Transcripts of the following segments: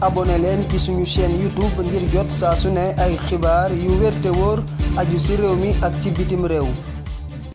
abonné leen ci suñu chaîne YouTube ngir jot saa su ne ay xibaar yu wér wóor aju ci réew mi ak ci bitim réew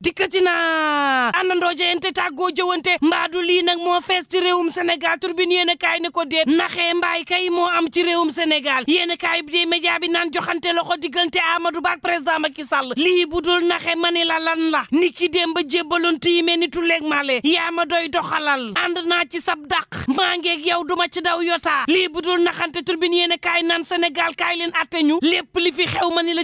dikkati naa àndandoo jeyante tàggoo jëwante mbaadu lii nag moo fees ci réewum senegal turbine yéen a ko déet naxee mbaay kay moo am ci réewum senegal yéen a kaay bi dee média bi naan joxante loxo diggante Amadou Ba ak président Macky Sall lii bu dul naxe ma ni la lan la ni ki dem ba jébbaloon tiimee ni tulleeg male yaa ma doy doxalal ànd naa ci sab dàq maa ngeeg yow duma ci daw yotaa lii bu dul naxante turbine yéen a kaay naan Sénégal kaay leen atte ñu lépp li fi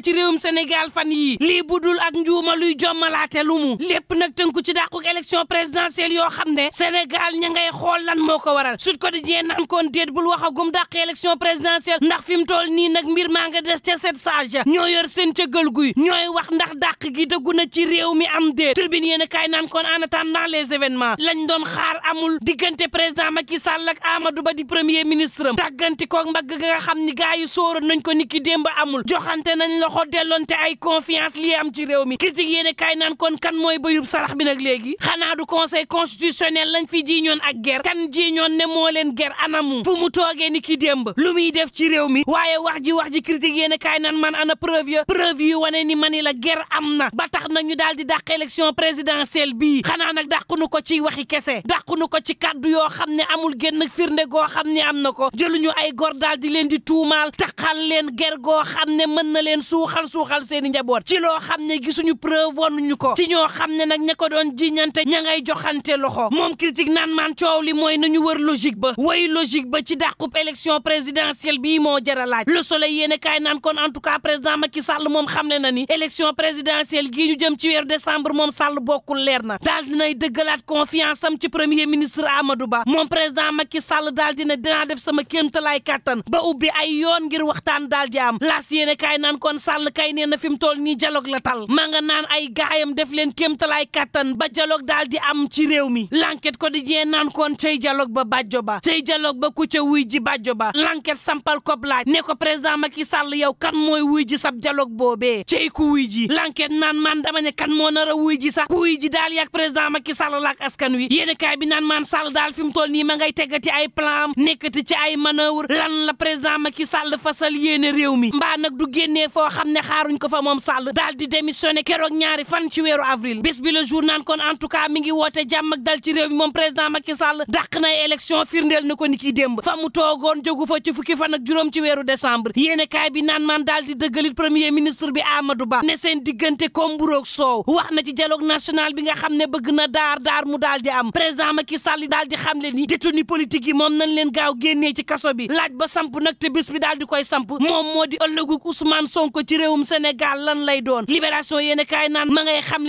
ci réewum Sénégal fan ak njuuma luy jommalaate lumu lépp nag tënku ci dàquk élection présidentielle yoo xam ne Sénégal ña ngay xool lan moo ko waral Sud Quotidien naan kon déet bul wax agum dàq élection présidentielle ndax fi mu toll nii nag mbir maa nga des ca set sage ñoo yor seen cëggal guy ñooy wax ndax daq gi dëggu na ci réew mi am déet tribune yéen a kaay naan koon en attendant les événements lañ doon xaar amul diggante président Macky Sall ak Amadou Ba di premier ministre am tàgganti koog mbagg ga xam ni gars yi sóoroon nañ ko ni ki démb amul joxante nañ loxo delloonte ay confiance li am ci réew mi kan mooy bëyub sarax bi nag léegi xanaa du conseil constitutionnel lañ fi jiiñoon ak ger kan jiiñoon ne moo leen ger anamu fu mu toogee ni ki démb lu muy def ci réew mi waaye wax ji wax ji critique yéen a kaay nan man ana preuve ya preuve yu wane ni mani la ger am na ba tax nag ñu daal di dàq élection présidentielle bi xanaa nag dàqunu ko ci waxi kese dàqunu ko ci kàddu yoo xam ne amul génn firnde goo xam ne am na ko jëluñu ay gor daal di leen di tuumaal taxal leen ger goo ne mën na leen suuxal suuxal seeni njaboot ci loo xam ne gisuñu preuve wonuñu ko ci ñoo xam ne nag ña ko doon jiñante ña ngay joxante loxo moom critique naan man coow li mooy nañu wër logique ba way logique ba ci dàqub élection présidentielle bii moo jaralaaj laaj le soleil yéene kaay naan kon en tout cas président Macky Sall moom xam ne na ni élection présidentielle gii ñu jëm ci weeru décembre moom Sall bokkul leer na daal dinay dëggalaat confiance am ci premier ministre Amadou Ba moom président Macky Sall daal dina dinaa def sama kéemtalaay kàttan ba ubbi ay yoon ngir waxtaan daal di am laas kaay naan kon Sall kay nee na fi mu toll nii dialogue la ma nga naan ay gaayam def leen kéemtalaay kàttan ba dialogue daal di am ci réew mi ko di quotidien naan koon cey dialogue ba bàjjo ba cey dialogue ba ku ca wuy ji bàjjo ba l'enquête sampal kob laaj ne ko président Macky sàll yow kan mooy wuy ji sab dialogue boobee cey ku wuy ji l'enquête naan man dama kan moo nar a wuy ji sax ku wuy ji daal yàgg président makki Sall laak askan wi yéen kaay bi naan man Sall daal fi mu tol nii ma ngay teggati ay plan nekkati ci ay manœuvre lan la président Macky Sall fasal yéene réew mi mbaa nag génnee foo xam ne xaaruñ ko fa moom Sall daal di démissionné keroog ñaari fan ci weeru avril bés bi le jour naan kon en tout cas mi ngi woote jàmm ak dal ci réew mi moom président ko ni kiy fa mu toogoon jógu fa ci fukki fan juróom ci weeru décembre yéene kaay bi naan man daal di premier ministre bi Amadou Ba ne seen diggante kom mburoog soow wax na ci dialogue national bi nga xam ne bëgg na daar daar mu daal di am président Macky Sall daal di xam le ni détenu politique yi moom nañ leen gaaw génnee ci kaso bi laaj ba samp nag te bés moo di ëllëgu Ousmane Sonko ci réewum Sénégal lan lay doon libération yéene kaay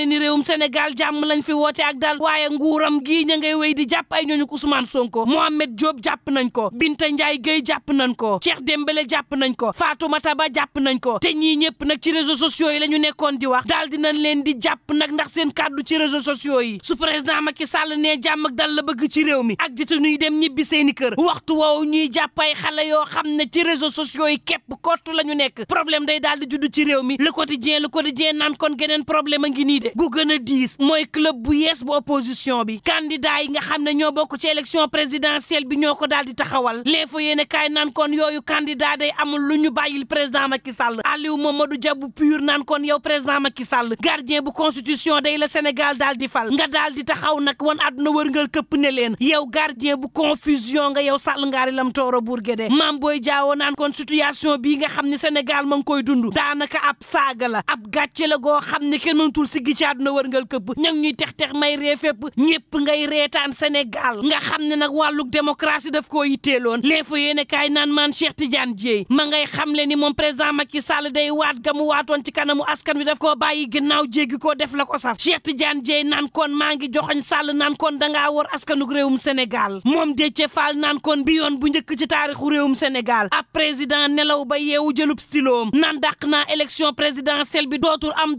ni réewum Sénégal jàmm lañ fi woote ak dal waaye nguuram gii ña ngay wéy di jàpp ay ñooñu Ousmane Sonko Mohamed Diop jàpp nañ ko Binta Ndiaye Gueye jàpp nañ ko Cheikh Dembélé jàpp nañ ko Fatoumata Ba jàpp nañ ko te ñii ñëpp nag ci réseaux sociaux yi la ñu nekkoon di wax daal dinañ leen di jàpp nag ndax seen kàddu ci réseaux sociaux yi su président Macky Sall nee jàmm ak dal la bëgg ci réew mi ak jitu ñuy dem ñibbi seeni kër waxtu woowu ñuy jàpp ay xale yoo xam ne ci réseaux sociaux yi képp kott la ñu nekk problème day daal di judd ci réew mi le quotidien le quotidien naan kon geneen problème a ngi nii de gu gën a diis mooy club bu yees bu opposition bi candidat yi nga xam ne ñoo bokk ci élection présidentielle bi ñoo ko daal di taxawal l'info yéen kaay naan kon yooyu candidat day amul lu ñu bàyyil président Macky Sall Aliou Mamadou Dia bu pur naan kon yow président Macky Sall gardien bu constitution day la Sénégal daal di fal nga daal di taxaw nag wan àdduna wërngal këpp ne leen yow gardien bu confusion nga yow Sall ngaari lam tooro Bourguédé maam booy jaawoo naan kon situation bii nga xam ne Sénégal ma ngi koy dund daanaka ab saaga la la goo àdduna wërngal këpp ña ngi ñuy tex-tex may ree fépp ñépp ngay reetaan Sénégal nga xam ne nag wàlluk démocratie daf koo yitteeloon l'info yéene kaay naan maan Cheikh Tidiane Dièye ma ngay xamle ni moom président Macky sal day waat ga mu waatoon ci kanamu askan wi daf koo bàyyi ginnaaw jéggi koo def la ko saf Cheikh Tidiane Dièye naan kon maa ngi joxoñ Sall naan kon dangaa war askanuk réewum Sénégal moom Déthié Fall naan kon bi yoon bu njëkk ci taarixu réewum Sénégal ab président nelaw ba yeewu jëlub styloom naan dàq naa élection présidentielle bi dootul am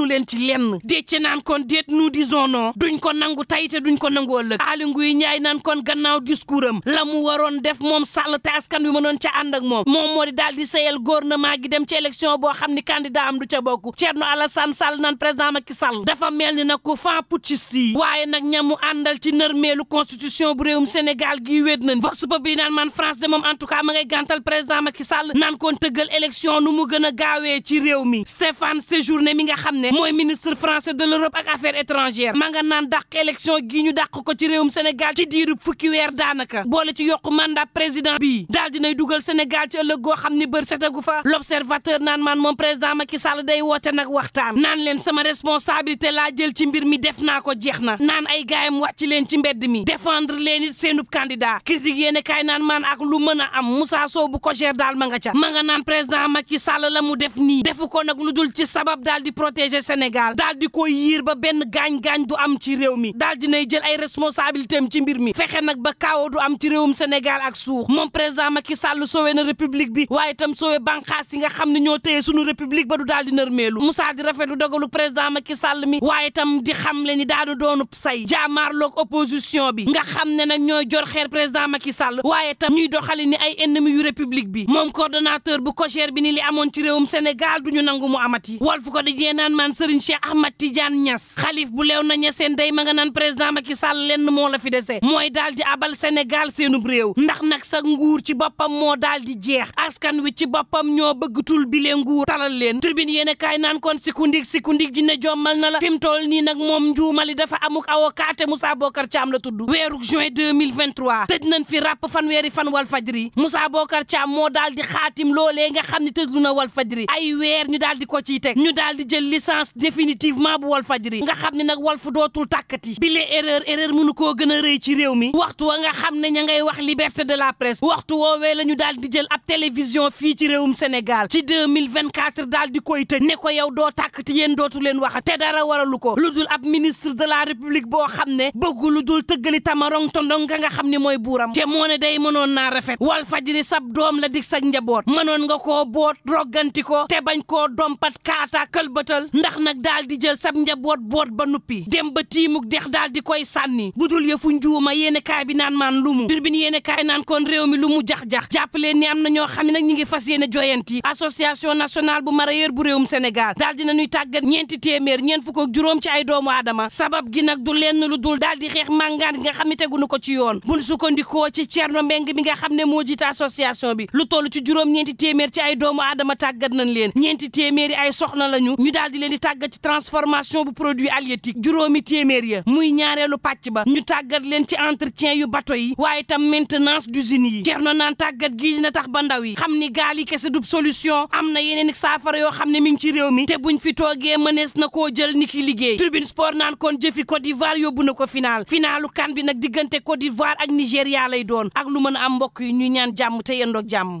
mënu leen ci lenn décce naan kon déet nous disons non duñ ko nangu tey te duñ ko nangu ëllëg Aly Ngouille Ndiaye naan kon gannaaw discours am waroon def moom Sall te askan wi mënoon ca ànd moom moom moo di daal di seyal gi dem ci élection boo xam ni candidat du ca bokk Thierno Alassane Sall naan président Macky Sall dafa mel ni nag ko fan waaye nag ñamu àndal ci nërmeelu constitution bu réewum Sénégal gi wéet nañ vox populi naan man a gaawee ci réew mi mi nga xam ne mooy ministre français de l'Europe ak affaires étrangères ma nga naan dàq élection gi ñu dàq ko ci réewum Sénégal ci diiru fukki weer daanaka boole ci yokk yokku mandat président bi daal nay dugal Sénégal ci ëllëg goo xam ni bër setagu fa l'observateur naan man moom président Macky Sall day woote nag waxtaan naan leen sama responsabilité laa jël ci mbir mi def naa ko jeex na naan ay gaayam ci leen ci mbedd mi défendre leen it seenub candidat critique yéene kaay naan maan ak lu a am Moussa Sow bu ko gère ma nga ca ma naan président Macky Sall la mu def nii defu ko nag lu dul ci sabab daal di protéger projet Sénégal daal di ko yiir ba benn gaañ-gaañ du am ci réew mi daal dinay jël ay responsabilité am ci mbir mi fexe nag ba kaawo du am ci réewum Sénégal ak suux moom président Macky Sall soowee na république bi waaye itam soowee banqaas yi nga xam ne ñoo téye sunu république ba du daal di nërmeelu Moussa di rafetlu dogalu président Sall mi waaye itam di xam le ni daadu doonu say jaamaarloog opposition bi nga xam ne nag ñooy jor xeer président Macky Sall waaye itam ñuy doxali ay ennemis république bi moom coordonnateur bu COJER bi ni li amoon ci réewum Sénégal du ñu nangu mu amati Walf ko dajee naan man naan Serigne Cheikh Ahmad Tidiane Niass xalif bu leew na ñeseen day ma nga naan président Macky Sall lenn moo la fi dese mooy daal di abal Sénégal seenu réew ndax nag sa nguur ci boppam moo daal di jeex askan wi ci boppam ñoo bëggatul bile nguur talal leen tribune yéen a kaay naan kon sikundik sikundik dina jommal na la fi mu toll nii nag moom njuumali dafa amuk awokaate Moussa Bokar Thiam la tudd weeruk juin 2023 tëj nañ fi fan weeri fan wal fajri Moussa Bokar Thiam moo daal di xaatim loolee nga xam ne tëjlu na wal fajri ay weer ñu daal di ko ciy teg sentence définitivement bu wal fajri nga xam ne nag wal fu dootul tàkkati bile erreur erreur mënu koo gën a rëy ci réew mi waxtu wa nga xam ne ña ngay wax liberté de la presse waxtu woowee la ñu daal di jël ab télévision fii ci réewum Sénégal ci 2024 daal di koy tëj ne ko yow doo tàkkati yéen dootu leen wax te dara waralu ko lu dul ab ministre de la république boo xam ne bëggu lu dul tëggali tamarong tondong nga nga xam ne mooy buuram te moo ne day mënoon naa rafet wal fajri sab doom la sa njaboot mënoon nga koo boot rogganti ko te bañ koo dompat kaata këlbatal tax nag daal di jël sab njaboot boot ba nuppi dem ba tiimuk dex daal di koy sànni bu dul yëfu njuuma yéene kaay bi naan maan lu mu turbine yéene kaay naan kon réew mi lu mu jax-jax jàpp leen ni am na ñoo xam ne nag ñi ngi fas yéene joyanti association nationale bu mareyeur bu réewum Sénégal daal dina ñuy tàggat ñeenti téeméer ñeent fukk ak juróom ci ay doomu adama sabab gi nag du lenn lu dul daal di xeex màngaan gi nga xam ne tegunu ko ci yoon buñ sukkandikoo ci Thierno Mbeng mi nga xam ne moo jiite association bi lu toll ci juróom ñeenti ci ay doomu aadama tàggat nañ leen ñeenti téeméeri ay soxna lañu ñu daal di tàggat ci transformation bu produit halieutique juróomi téeméer ya muy ñaareelu pàcc ba ñu tàggat leen ci entretien yu bato yi waaye tam maintenance d'usine yi Thierno naan tàggat gii dina tax ba ndaw yi xam ni gaali kese du solution am na yeneen saafara yoo xam ne mi ngi ci réew mi te bu buñ fi toogee mënees na koo jël ni ki liggéey Tribune Sport naan kon jëfi Côte d'Ivoire yóbbu na ko final finalu kan bi nag diggante Côte d'Ivoire ak Nigéria lay doon ak lu mën a am mbokk yi ñu ñaan jàmm te yendoog